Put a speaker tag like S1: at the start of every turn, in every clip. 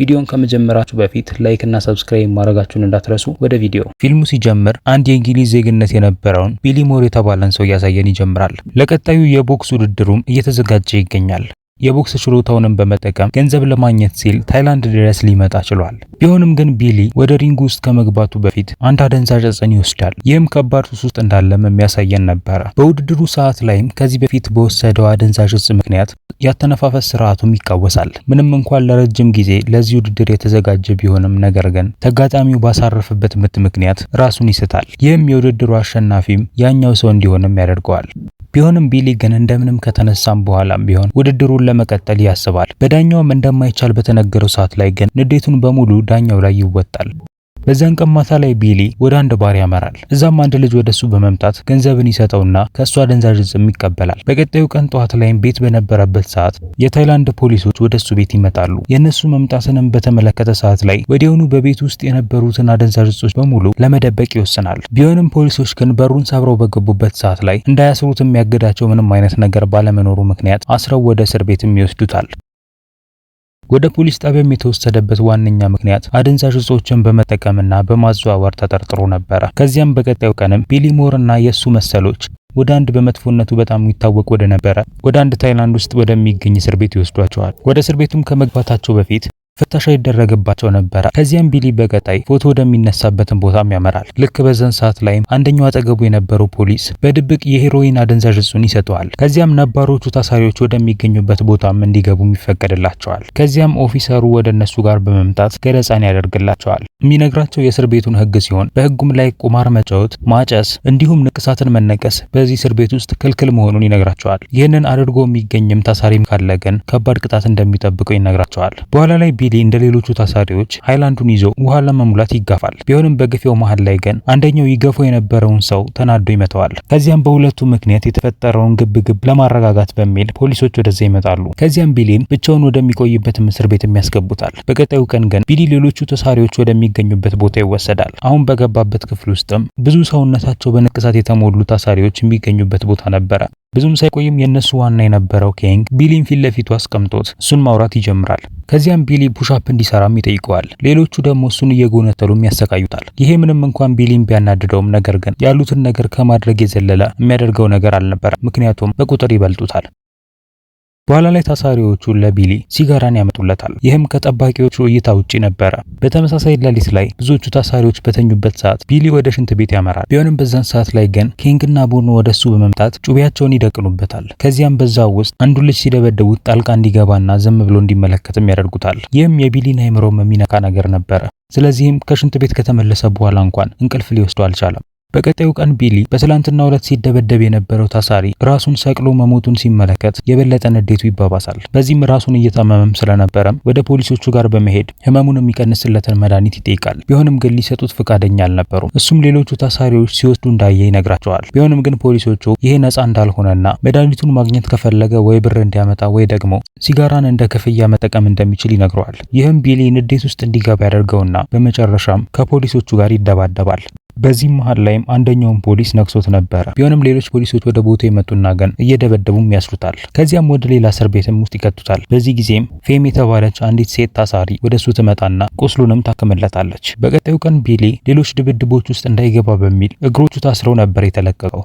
S1: ቪዲዮን ከመጀመራችሁ በፊት ላይክ እና ሰብስክራይብ ማድረጋችሁን እንዳትረሱ። ወደ ቪዲዮ ፊልሙ ሲጀምር አንድ የእንግሊዝ ዜግነት የነበረውን ቢሊ ሞር የተባለን ሰው እያሳየን ይጀምራል። ለቀጣዩ የቦክስ ውድድሩም እየተዘጋጀ ይገኛል። የቦክስ ችሎታውንም በመጠቀም ገንዘብ ለማግኘት ሲል ታይላንድ ድረስ ሊመጣ ችሏል። ቢሆንም ግን ቢሊ ወደ ሪንግ ውስጥ ከመግባቱ በፊት አንድ አደንዛዥ ዕፅን ይወስዳል። ይህም ከባድ ሱስ ውስጥ እንዳለም የሚያሳየን ነበረ። በውድድሩ ሰዓት ላይም ከዚህ በፊት በወሰደው አደንዛዥ ዕፅ ምክንያት ያተነፋፈስ ስርዓቱም ይቃወሳል። ምንም እንኳን ለረጅም ጊዜ ለዚህ ውድድር የተዘጋጀ ቢሆንም ነገር ግን ተጋጣሚው ባሳረፈበት ምት ምክንያት ራሱን ይስታል። ይህም የውድድሩ አሸናፊም ያኛው ሰው እንዲሆንም ያደርገዋል። ቢሆንም ቢሊ ግን እንደምንም ከተነሳም በኋላም ቢሆን ውድድሩን ለመቀጠል ያስባል። በዳኛውም እንደማይቻል በተነገረው ሰዓት ላይ ግን ንዴቱን በሙሉ ዳኛው ላይ ይወጣል። በዚያን ቀን ማታ ላይ ቢሊ ወደ አንድ ባር ያመራል። እዛም አንድ ልጅ ወደሱ በመምጣት ገንዘብን ይሰጠውና ከእሱ አደንዛዥ እጽም ይቀበላል። በቀጣዩ ቀን ጠዋት ላይም ቤት በነበረበት ሰዓት የታይላንድ ፖሊሶች ወደሱ ቤት ይመጣሉ። የእነሱ መምጣትንም በተመለከተ ሰዓት ላይ ወዲያውኑ በቤት ውስጥ የነበሩትን አደንዛዥ እጾች በሙሉ ለመደበቅ ይወስናል። ቢሆንም ፖሊሶች ግን በሩን ሰብረው በገቡበት ሰዓት ላይ እንዳያስሩት የሚያግዳቸው ምንም አይነት ነገር ባለመኖሩ ምክንያት አስረው ወደ እስር ቤትም ይወስዱታል። ወደ ፖሊስ ጣቢያም የተወሰደበት ዋነኛ ምክንያት አደንዛዥ እጾችን በመጠቀምና በማዘዋወር ተጠርጥሮ ነበረ። ከዚያም በቀጣዩ ቀንም ቢሊሞር እና የእሱ መሰሎች ወደ አንድ በመጥፎነቱ በጣም ይታወቅ ወደ ነበረ ወደ አንድ ታይላንድ ውስጥ ወደሚገኝ እስር ቤት ይወስዷቸዋል። ወደ እስር ቤቱም ከመግባታቸው በፊት ፍተሻ ይደረግባቸው ነበረ። ከዚያም ቢሊ በቀጣይ ፎቶ ወደሚነሳበትን ቦታም ያመራል። ልክ በዘን ሰዓት ላይም አንደኛው አጠገቡ የነበረው ፖሊስ በድብቅ የሄሮይን አደንዛዥ እጹን ይሰጠዋል። ከዚያም ነባሮቹ ታሳሪዎች ወደሚገኙበት ቦታም እንዲገቡም ይፈቀድላቸዋል። ከዚያም ኦፊሰሩ ወደ እነሱ ጋር በመምጣት ገለጻን ያደርግላቸዋል። የሚነግራቸው የእስር ቤቱን ህግ ሲሆን በህጉም ላይ ቁማር መጫወት፣ ማጨስ እንዲሁም ንቅሳትን መነቀስ በዚህ እስር ቤት ውስጥ ክልክል መሆኑን ይነግራቸዋል። ይህንን አድርጎ የሚገኝም ታሳሪም ካለ ግን ከባድ ቅጣት እንደሚጠብቀው ይነግራቸዋል። በኋላ ላይ ፔዴ እንደ ሌሎቹ ታሳሪዎች ሃይላንዱን ይዞ ውሃ ለመሙላት ይጋፋል። ቢሆንም በግፌው መሃል ላይ ግን አንደኛው ይገፎ የነበረውን ሰው ተናዶ ይመተዋል። ከዚያም በሁለቱ ምክንያት የተፈጠረውን ግብግብ ለማረጋጋት በሚል ፖሊሶች ወደዛ ይመጣሉ። ከዚያም ቢሊን ብቻውን ወደሚቆይበት እስር ቤት የሚያስገቡታል። በቀጣዩ ቀን ግን ቢሊ ሌሎቹ ተሳሪዎች ወደሚገኙበት ቦታ ይወሰዳል። አሁን በገባበት ክፍል ውስጥም ብዙ ሰውነታቸው በንቅሳት የተሞሉ ታሳሪዎች የሚገኙበት ቦታ ነበረ። ብዙም ሳይቆይም የእነሱ ዋና የነበረው ኬንግ ቢሊን ፊት ለፊቱ አስቀምጦት እሱን ማውራት ይጀምራል። ከዚያም ቢሊ ፑሻፕ እንዲሰራም ይጠይቀዋል። ሌሎቹ ደግሞ እሱን እየጎነተሉም ያሰቃዩታል። ይሄ ምንም እንኳን ቢሊም ቢያናድደውም፣ ነገር ግን ያሉትን ነገር ከማድረግ የዘለለ የሚያደርገው ነገር አልነበረም። ምክንያቱም በቁጥር ይበልጡታል። በኋላ ላይ ታሳሪዎቹ ለቢሊ ሲጋራን ያመጡለታል። ይህም ከጠባቂዎቹ እይታ ውጪ ነበረ። በተመሳሳይ ሌሊት ላይ ብዙዎቹ ታሳሪዎች በተኙበት ሰዓት ቢሊ ወደ ሽንት ቤት ያመራል። ቢሆንም በዛን ሰዓት ላይ ግን ኪንግና ቡርኑ ወደ እሱ በመምጣት ጩቤያቸውን ይደቅኑበታል። ከዚያም በዛው ውስጥ አንዱ ልጅ ሲደበደቡት ጣልቃ እንዲገባና ዝም ብሎ እንዲመለከትም ያደርጉታል። ይህም የቢሊን አይምሮም የሚነካ ነገር ነበረ። ስለዚህም ከሽንት ቤት ከተመለሰ በኋላ እንኳን እንቅልፍ ሊወስደው አልቻለም። በቀጣዩ ቀን ቢሊ በትላንትና ዕለት ሲደበደብ የነበረው ታሳሪ ራሱን ሰቅሎ መሞቱን ሲመለከት የበለጠ ንዴቱ ይባባሳል። በዚህም ራሱን እየታመመም ስለነበረም ወደ ፖሊሶቹ ጋር በመሄድ ህመሙን የሚቀንስለትን መድኃኒት ይጠይቃል። ቢሆንም ግን ሊሰጡት ፈቃደኛ አልነበሩም። እሱም ሌሎቹ ታሳሪዎች ሲወስዱ እንዳየ ይነግራቸዋል። ቢሆንም ግን ፖሊሶቹ ይሄ ነጻ እንዳልሆነና መድኃኒቱን ማግኘት ከፈለገ ወይ ብር እንዲያመጣ ወይ ደግሞ ሲጋራን እንደ ክፍያ መጠቀም እንደሚችል ይነግረዋል። ይህም ቢሊ ንዴት ውስጥ እንዲገባ ያደርገውና በመጨረሻም ከፖሊሶቹ ጋር ይደባደባል። በዚህም መሀል ላይም አንደኛውን ፖሊስ ነክሶት ነበረ። ቢሆንም ሌሎች ፖሊሶች ወደ ቦታው የመጡና ገን እየደበደቡም ያስሩታል። ከዚያም ወደ ሌላ እስር ቤትም ውስጥ ይከቱታል። በዚህ ጊዜም ፌም የተባለች አንዲት ሴት ታሳሪ ወደ እሱ ትመጣና ቁስሉንም ታክምለታለች። በቀጣዩ ቀን ቢሊ ሌሎች ድብድቦች ውስጥ እንዳይገባ በሚል እግሮቹ ታስረው ነበር የተለቀቀው።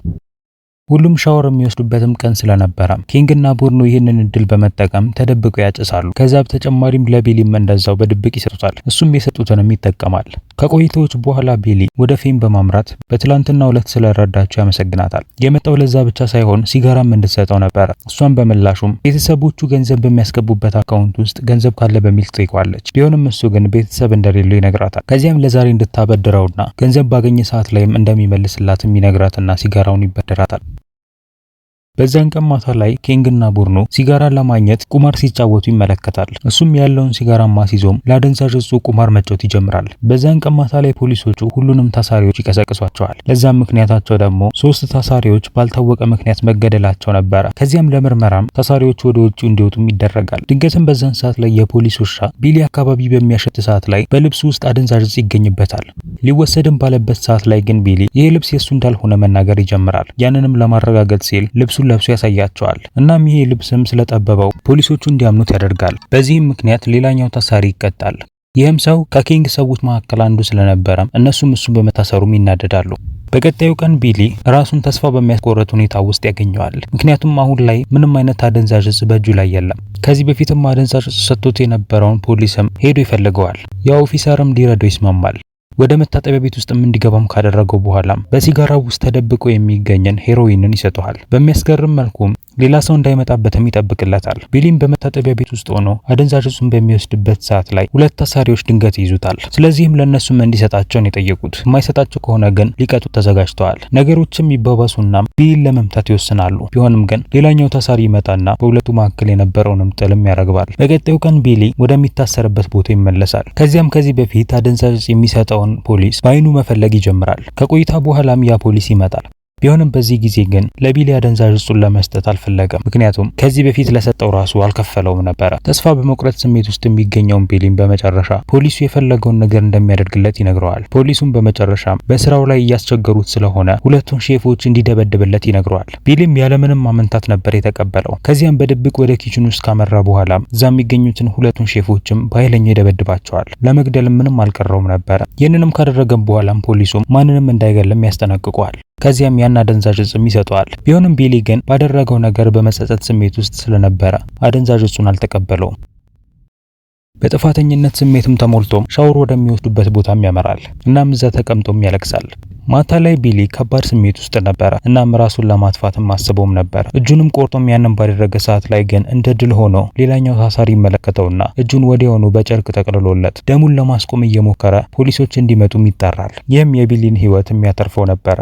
S1: ሁሉም ሻወር የሚወስዱበትም ቀን ስለነበረ ኪንግና ቡርኖ ይህንን እድል በመጠቀም ተደብቀው ያጭሳሉ። ከዛ በተጨማሪም ለቢሊም እንደዛው በድብቅ ይሰጡታል። እሱም የሰጡትንም ይጠቀማል። ከቆይታዎች በኋላ ቤሊ ወደ ፌም በማምራት በትላንትና ዕለት ስለረዳቸው ያመሰግናታል። የመጣው ለዛ ብቻ ሳይሆን ሲጋራም እንድትሰጠው ነበረ። እሷም በምላሹም ቤተሰቦቹ ገንዘብ በሚያስገቡበት አካውንት ውስጥ ገንዘብ ካለ በሚል ትጠይቋለች። ቢሆንም እሱ ግን ቤተሰብ እንደሌለው ይነግራታል። ከዚያም ለዛሬ እንድታበድረውና ገንዘብ ባገኘ ሰዓት ላይም እንደሚመልስላትም ይነግራትና ሲጋራውን ይበድራታል። በዚያን ቀን ማታ ላይ ኬንግና ቡርኖ ሲጋራ ለማግኘት ቁማር ሲጫወቱ ይመለከታል። እሱም ያለውን ሲጋራ ማስይዞም ለአደንዛዥ እጹ ቁማር መጫወት ይጀምራል። በዚያን ቀን ማታ ላይ ፖሊሶቹ ሁሉንም ታሳሪዎች ይቀሰቅሷቸዋል። ለዛም ምክንያታቸው ደግሞ ሶስት ታሳሪዎች ባልታወቀ ምክንያት መገደላቸው ነበረ። ከዚያም ለምርመራም ታሳሪዎቹ ወደ ውጭ እንዲወጡም ይደረጋል። ድንገትም በዛን ሰዓት ላይ የፖሊስ ውሻ ቢሊ አካባቢ በሚያሸት ሰዓት ላይ በልብሱ ውስጥ አደንዛዥ እጽ ይገኝበታል። ሊወሰድም ባለበት ሰዓት ላይ ግን ቢሊ ይህ ልብስ የእሱ እንዳልሆነ መናገር ይጀምራል። ያንንም ለማረጋገጥ ሲል ልብሱን ለብሶ ያሳያቸዋል። እናም ይሄ ልብስም ስለጠበበው ፖሊሶቹ እንዲያምኑት ያደርጋል። በዚህም ምክንያት ሌላኛው ታሳሪ ይቀጣል። ይህም ሰው ከኪንግ ሰዎች መካከል አንዱ ስለነበረም እነሱም እሱ በመታሰሩም ይናደዳሉ። በቀጣዩ ቀን ቢሊ ራሱን ተስፋ በሚያስቆረጥ ሁኔታ ውስጥ ያገኘዋል። ምክንያቱም አሁን ላይ ምንም አይነት አደንዛዥ እጽ በእጁ ላይ የለም። ከዚህ በፊትም አደንዛዥ እጽ ሰጥቶት የነበረውን ፖሊስም ሄዶ ይፈልገዋል። የኦፊሰርም ሊረዶ ይስማማል። ወደ መታጠቢያ ቤት ውስጥም እንዲገባም ካደረገው በኋላ በሲጋራ ውስጥ ተደብቆ የሚገኘን ሄሮይንን ይሰጠዋል። በሚያስገርም መልኩም ሌላ ሰው እንዳይመጣበትም ይጠብቅለታል። ቢሊም በመታጠቢያ ቤት ውስጥ ሆኖ አደንዛዥ እጹን በሚወስድበት ሰዓት ላይ ሁለት ታሳሪዎች ድንገት ይዙታል። ስለዚህም ለእነሱም እንዲሰጣቸውን የጠየቁት የማይሰጣቸው ከሆነ ግን ሊቀጡ ተዘጋጅተዋል። ነገሮችም ይባባሱና ቢሊን ለመምታት ይወስናሉ። ቢሆንም ግን ሌላኛው ታሳሪ ይመጣና በሁለቱ መካከል የነበረውንም ጥልም ያረግባል። በቀጣዩ ቀን ቢሊ ወደሚታሰርበት ቦታ ይመለሳል። ከዚያም ከዚህ በፊት አደንዛዥ የሚሰጠውን ፖሊስ በአይኑ መፈለግ ይጀምራል። ከቆይታ በኋላም ያ ፖሊስ ይመጣል። ቢሆንም በዚህ ጊዜ ግን ለቢሊ አደንዛዥ እጹን ለመስጠት አልፈለገም። ምክንያቱም ከዚህ በፊት ለሰጠው ራሱ አልከፈለውም ነበረ። ተስፋ በመቁረጥ ስሜት ውስጥ የሚገኘውን ቢሊን በመጨረሻ ፖሊሱ የፈለገውን ነገር እንደሚያደርግለት ይነግረዋል። ፖሊሱም በመጨረሻም በስራው ላይ እያስቸገሩት ስለሆነ ሁለቱን ሼፎች እንዲደበድብለት ይነግረዋል። ቢሊም ያለምንም ማመንታት ነበር የተቀበለው። ከዚያም በድብቅ ወደ ኪችን ውስጥ ካመራ በኋላም እዛ የሚገኙትን ሁለቱን ሼፎችም በኃይለኛው ይደበድባቸዋል። ለመግደልም ምንም አልቀረውም ነበረ። ይህንንም ካደረገም በኋላም ፖሊሱም ማንንም እንዳይገልም ያስጠነቅቋል። ከዚያም ማጥፊያና አደንዛዥ እጽም ይሰጠዋል። ቢሆንም ቢሊ ግን ባደረገው ነገር በመጸጸት ስሜት ውስጥ ስለነበረ አደንዛዥ እጹን አልተቀበለውም። በጥፋተኝነት ስሜትም ተሞልቶም ሻወር ወደሚወስዱበት ቦታም ያመራል። እናም እዛ ተቀምጦም ያለቅሳል። ማታ ላይ ቢሊ ከባድ ስሜት ውስጥ ነበረ። እናም ራሱን ለማጥፋትም አስቦም ነበር። እጁንም ቆርጦም ያንን ባደረገ ሰዓት ላይ ግን እንደ ድል ሆኖ ሌላኛው ታሳሪ ይመለከተውና እጁን ወዲያውኑ በጨርቅ ጠቅልሎለት ደሙን ለማስቆም እየሞከረ ፖሊሶች እንዲመጡም ይጠራል። ይህም የቢሊን ሕይወት የሚያተርፈው ነበረ።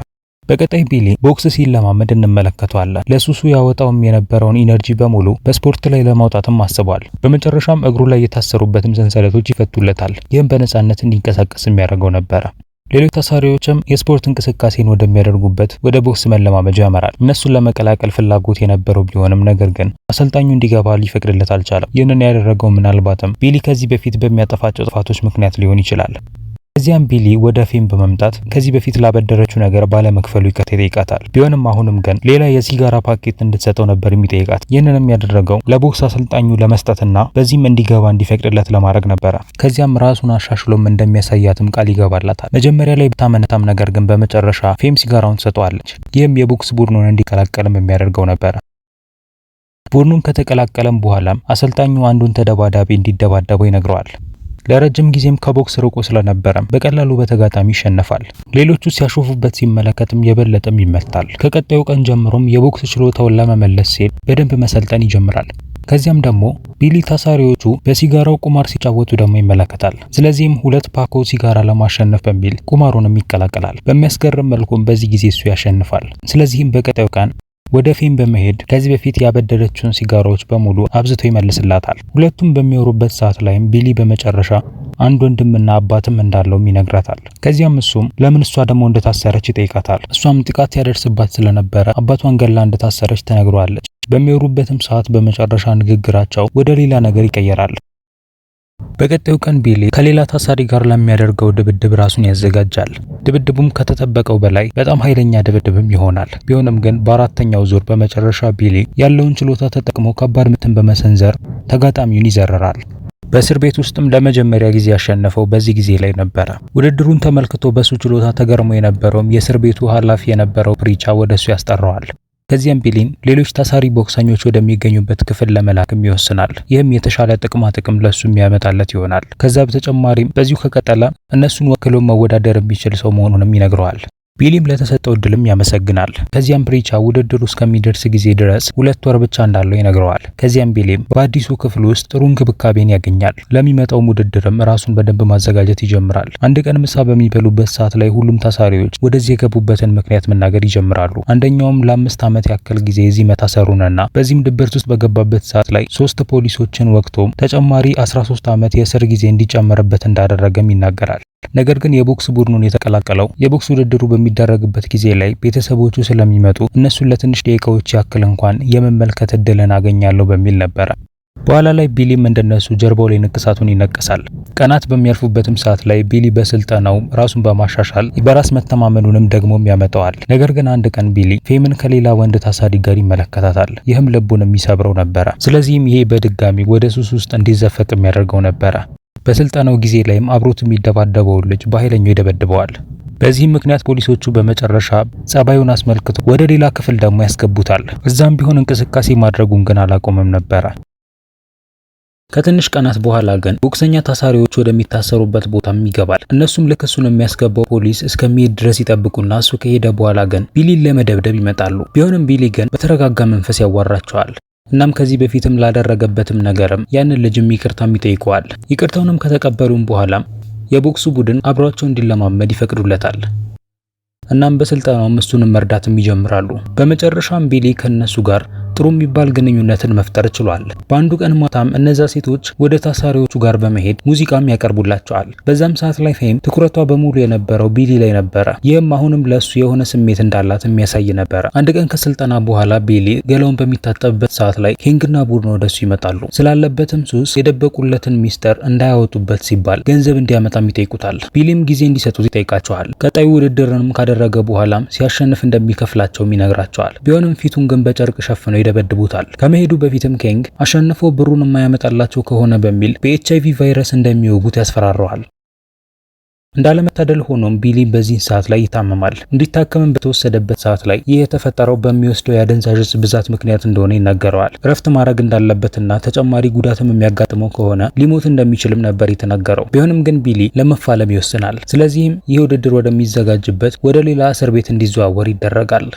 S1: በቀጣይ ቢሊ ቦክስ ሲለማመድ እንመለከተዋለን። ለሱሱ ያወጣውም የነበረውን ኢነርጂ በሙሉ በስፖርት ላይ ለማውጣትም አስቧል። በመጨረሻም እግሩ ላይ የታሰሩበትም ሰንሰለቶች ይፈቱለታል። ይህም በነጻነት እንዲንቀሳቀስ የሚያደርገው ነበረ። ሌሎች ታሳሪዎችም የስፖርት እንቅስቃሴን ወደሚያደርጉበት ወደ ቦክስ መለማመጃ ያመራል። እነሱን ለመቀላቀል ፍላጎት የነበረው ቢሆንም ነገር ግን አሰልጣኙ እንዲገባ ሊፈቅድለት አልቻለም። ይህንን ያደረገው ምናልባትም ቢሊ ከዚህ በፊት በሚያጠፋቸው ጥፋቶች ምክንያት ሊሆን ይችላል። ከዚያም ቢሊ ወደ ፌም በመምጣት ከዚህ በፊት ላበደረችው ነገር ባለመክፈሉ ይቅርታ ይጠይቃታል። ቢሆንም አሁንም ግን ሌላ የሲጋራ ፓኬት እንድትሰጠው ነበር የሚጠይቃት። ይህንንም ያደረገው ለቦክስ አሰልጣኙ ለመስጠትና በዚህም እንዲገባ እንዲፈቅድለት ለማድረግ ነበረ። ከዚያም ራሱን አሻሽሎም እንደሚያሳያትም ቃል ይገባላታል። መጀመሪያ ላይ ብታመነታም፣ ነገር ግን በመጨረሻ ፌም ሲጋራውን ትሰጠዋለች። ይህም የቦክስ ቡድኑን እንዲቀላቀልም የሚያደርገው ነበረ። ቡድኑን ከተቀላቀለም በኋላም አሰልጣኙ አንዱን ተደባዳቢ እንዲደባደበው ይነግረዋል። ለረጅም ጊዜም ከቦክስ ርቆ ስለነበረም በቀላሉ በተጋጣሚ ይሸነፋል። ሌሎቹ ሲያሾፉበት ሲመለከትም የበለጠም ይመታል። ከቀጣዩ ቀን ጀምሮም የቦክስ ችሎታውን ለመመለስ ሲል በደንብ መሰልጠን ይጀምራል። ከዚያም ደግሞ ቢሊ ታሳሪዎቹ በሲጋራው ቁማር ሲጫወቱ ደግሞ ይመለከታል። ስለዚህም ሁለት ፓኮ ሲጋራ ለማሸነፍ በሚል ቁማሩንም ይቀላቀላል። በሚያስገርም መልኩም በዚህ ጊዜ እሱ ያሸንፋል። ስለዚህም በቀጣዩ ቀን ወደ ፌም በመሄድ ከዚህ በፊት ያበደረችውን ሲጋራዎች በሙሉ አብዝቶ ይመልስላታል። ሁለቱም በሚወሩበት ሰዓት ላይም ቢሊ በመጨረሻ አንድ ወንድምና አባትም እንዳለውም ይነግራታል። ከዚያም እሱም ለምን እሷ ደግሞ እንደታሰረች ይጠይቃታል። እሷም ጥቃት ያደርስባት ስለነበረ አባቷን ገላ እንደታሰረች ተነግሯለች። በሚወሩበትም ሰዓት በመጨረሻ ንግግራቸው ወደ ሌላ ነገር ይቀየራል። በቀጣዩ ቀን ቢሊ ከሌላ ታሳሪ ጋር ለሚያደርገው ድብድብ ራሱን ያዘጋጃል። ድብድቡም ከተጠበቀው በላይ በጣም ኃይለኛ ድብድብም ይሆናል። ቢሆንም ግን በአራተኛው ዙር በመጨረሻ ቢሊ ያለውን ችሎታ ተጠቅሞ ከባድ ምትን በመሰንዘር ተጋጣሚውን ይዘርራል። በእስር ቤት ውስጥም ለመጀመሪያ ጊዜ ያሸነፈው በዚህ ጊዜ ላይ ነበረ። ውድድሩን ተመልክቶ በሱ ችሎታ ተገርሞ የነበረውም የእስር ቤቱ ኃላፊ የነበረው ፕሪቻ ወደሱ ያስጠራዋል። ከዚያም ቢሊን ሌሎች ታሳሪ ቦክሰኞች ወደሚገኙበት ክፍል ለመላክም ይወስናል። ይህም የተሻለ ጥቅማ ጥቅም ለሱ የሚያመጣለት ይሆናል። ከዛ በተጨማሪም በዚሁ ከቀጠለ እነሱን ወክሎ መወዳደር የሚችል ሰው መሆኑንም ይነግረዋል። ቢሊም ለተሰጠው እድልም ያመሰግናል። ከዚያም ፕሪቻ ውድድሩ እስከሚደርስ ጊዜ ድረስ ሁለት ወር ብቻ እንዳለው ይነግረዋል። ከዚያም ቢሊም በአዲሱ ክፍል ውስጥ ጥሩ እንክብካቤን ያገኛል። ለሚመጣውም ውድድርም ራሱን በደንብ ማዘጋጀት ይጀምራል። አንድ ቀን ምሳ በሚበሉበት ሰዓት ላይ ሁሉም ታሳሪዎች ወደዚህ የገቡበትን ምክንያት መናገር ይጀምራሉ። አንደኛውም ለአምስት ዓመት ያክል ጊዜ እዚህ መታሰሩንና በዚህም ድብርት ውስጥ በገባበት ሰዓት ላይ ሶስት ፖሊሶችን ወቅቶም ተጨማሪ 13 ዓመት የእስር ጊዜ እንዲጨመርበት እንዳደረገም ይናገራል። ነገር ግን የቦክስ ቡድኑን የተቀላቀለው የቦክስ ውድድሩ በሚደረግበት ጊዜ ላይ ቤተሰቦቹ ስለሚመጡ እነሱን ለትንሽ ደቂቃዎች ያክል እንኳን የመመልከት እድልን አገኛለሁ በሚል ነበረ። በኋላ ላይ ቢሊም እንደነሱ ጀርባው ላይ ንቅሳቱን ይነቅሳል። ቀናት በሚያልፉበትም ሰዓት ላይ ቢሊ በስልጠናው ራሱን በማሻሻል በራስ መተማመኑንም ደግሞም ያመጣዋል። ነገር ግን አንድ ቀን ቢሊ ፌምን ከሌላ ወንድ ታሳዲ ጋር ይመለከታታል። ይህም ልቡን የሚሰብረው ነበረ። ስለዚህም ይሄ በድጋሚ ወደ ሱስ ውስጥ እንዲዘፈቅ የሚያደርገው ነበረ። በስልጠናው ጊዜ ላይም አብሮት የሚደባደበውን ልጅ በኃይለኛው ይደበድበዋል። በዚህም ምክንያት ፖሊሶቹ በመጨረሻ ጸባዩን አስመልክቶ ወደ ሌላ ክፍል ደግሞ ያስገቡታል። እዛም ቢሆን እንቅስቃሴ ማድረጉን ግን አላቆመም ነበረ። ከትንሽ ቀናት በኋላ ግን ቦክሰኛ ታሳሪዎች ወደሚታሰሩበት ቦታም ይገባል። እነሱም ልክ እሱን የሚያስገባው ፖሊስ እስከሚሄድ ድረስ ይጠብቁና እሱ ከሄደ በኋላ ግን ቢሊን ለመደብደብ ይመጣሉ። ቢሆንም ቢሊ ግን በተረጋጋ መንፈስ ያዋራቸዋል። እናም ከዚህ በፊትም ላደረገበትም ነገርም ያንን ልጅም ይቅርታም ይጠይቀዋል። ይቅርታውንም ከተቀበሉም በኋላም የቦክሱ ቡድን አብሯቸው እንዲለማመድ ይፈቅዱለታል። እናም በስልጠናውም እሱንም መርዳትም ይጀምራሉ። በመጨረሻም ቢሊ ከነሱ ጋር ጥሩ የሚባል ግንኙነትን መፍጠር ችሏል። በአንዱ ቀን ማታም እነዛ ሴቶች ወደ ታሳሪዎቹ ጋር በመሄድ ሙዚቃም ያቀርቡላቸዋል። በዛም ሰዓት ላይ ፌም ትኩረቷ በሙሉ የነበረው ቢሊ ላይ ነበረ። ይህም አሁንም ለእሱ የሆነ ስሜት እንዳላት የሚያሳይ ነበረ። አንድ ቀን ከስልጠና በኋላ ቢሊ ገላውን በሚታጠብበት ሰዓት ላይ ኪንግና ቡድን ወደሱ ይመጣሉ። ስላለበትም ሱስ የደበቁለትን ሚስጥር እንዳያወጡበት ሲባል ገንዘብ እንዲያመጣም ይጠይቁታል። ቢሊም ጊዜ እንዲሰጡት ይጠይቃቸዋል። ቀጣዩ ውድድርንም ካደረገ በኋላም ሲያሸንፍ እንደሚከፍላቸውም ይነግራቸዋል። ቢሆንም ፊቱን ግን በጨርቅ ሸፍነው ይደበድቡታል። ከመሄዱ በፊትም ኬንግ አሸንፎ ብሩን የማያመጣላቸው ከሆነ በሚል በኤች አይቪ ቫይረስ እንደሚወጉት ያስፈራረዋል። እንዳለመታደል ሆኖም ቢሊ በዚህ ሰዓት ላይ ይታመማል። እንዲታከምም በተወሰደበት ሰዓት ላይ ይህ የተፈጠረው በሚወስደው የአደንዛዥ ብዛት ምክንያት እንደሆነ ይነገረዋል። እረፍት ማድረግ እንዳለበትና ተጨማሪ ጉዳትም የሚያጋጥመው ከሆነ ሊሞት እንደሚችልም ነበር የተነገረው። ቢሆንም ግን ቢሊ ለመፋለም ይወስናል። ስለዚህም ይህ ውድድር ወደሚዘጋጅበት ወደ ሌላ እስር ቤት እንዲዘዋወር ይደረጋል።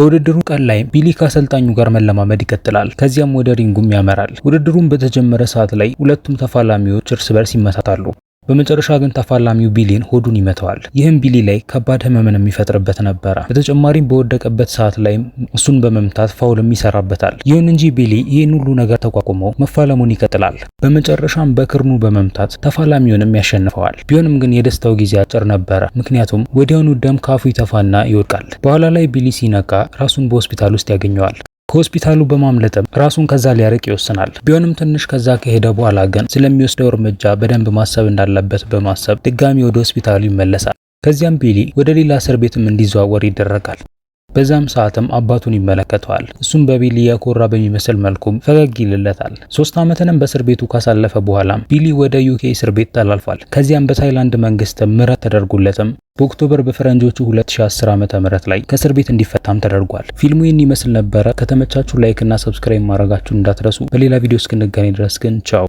S1: በውድድሩ ቀን ላይ ቢሊ ከአሰልጣኙ ጋር መለማመድ ይቀጥላል። ከዚያም ወደ ሪንጉም ያመራል። ውድድሩን በተጀመረ ሰዓት ላይ ሁለቱም ተፋላሚዎች እርስ በርስ ይመታታሉ። በመጨረሻ ግን ተፋላሚው ቢሊን ሆዱን ይመተዋል። ይህም ቢሊ ላይ ከባድ ህመምን የሚፈጥርበት ነበረ። በተጨማሪም በወደቀበት ሰዓት ላይም እሱን በመምታት ፋውልም ይሰራበታል። ይህን እንጂ ቢሊ ይህን ሁሉ ነገር ተቋቁሞ መፋለሙን ይቀጥላል። በመጨረሻም በክርኑ በመምታት ተፋላሚውንም ያሸንፈዋል። ቢሆንም ግን የደስታው ጊዜ አጭር ነበረ። ምክንያቱም ወዲያውኑ ደም ካፉ ይተፋና ይወድቃል። በኋላ ላይ ቢሊ ሲነቃ ራሱን በሆስፒታል ውስጥ ያገኘዋል። ከሆስፒታሉ በማምለጥም ራሱን ከዛ ሊያርቅ ይወስናል። ቢሆንም ትንሽ ከዛ ከሄደ በኋላ ግን ስለሚወስደው እርምጃ በደንብ ማሰብ እንዳለበት በማሰብ ድጋሚ ወደ ሆስፒታሉ ይመለሳል። ከዚያም ቢሊ ወደ ሌላ እስር ቤትም እንዲዘዋወር ይደረጋል። በዛም ሰዓትም አባቱን ይመለከተዋል። እሱም በቢሊ ያኮራ በሚመስል መልኩም ፈገግ ይልለታል። ሶስት ዓመትንም በእስር ቤቱ ካሳለፈ በኋላም ቢሊ ወደ ዩኬ እስር ቤት ተላልፏል። ከዚያም በታይላንድ መንግስትም ምህረት ተደርጎለትም በኦክቶበር በፈረንጆቹ 2010 ዓመተ ምህረት ላይ ከእስር ቤት እንዲፈታም ተደርጓል። ፊልሙ ይህን ይመስል ነበረ። ከተመቻችሁ ላይክ እና ሰብስክራይብ ማድረጋችሁን እንዳትረሱ። በሌላ ቪዲዮ እስክንገናኝ ድረስ ግን ቻው።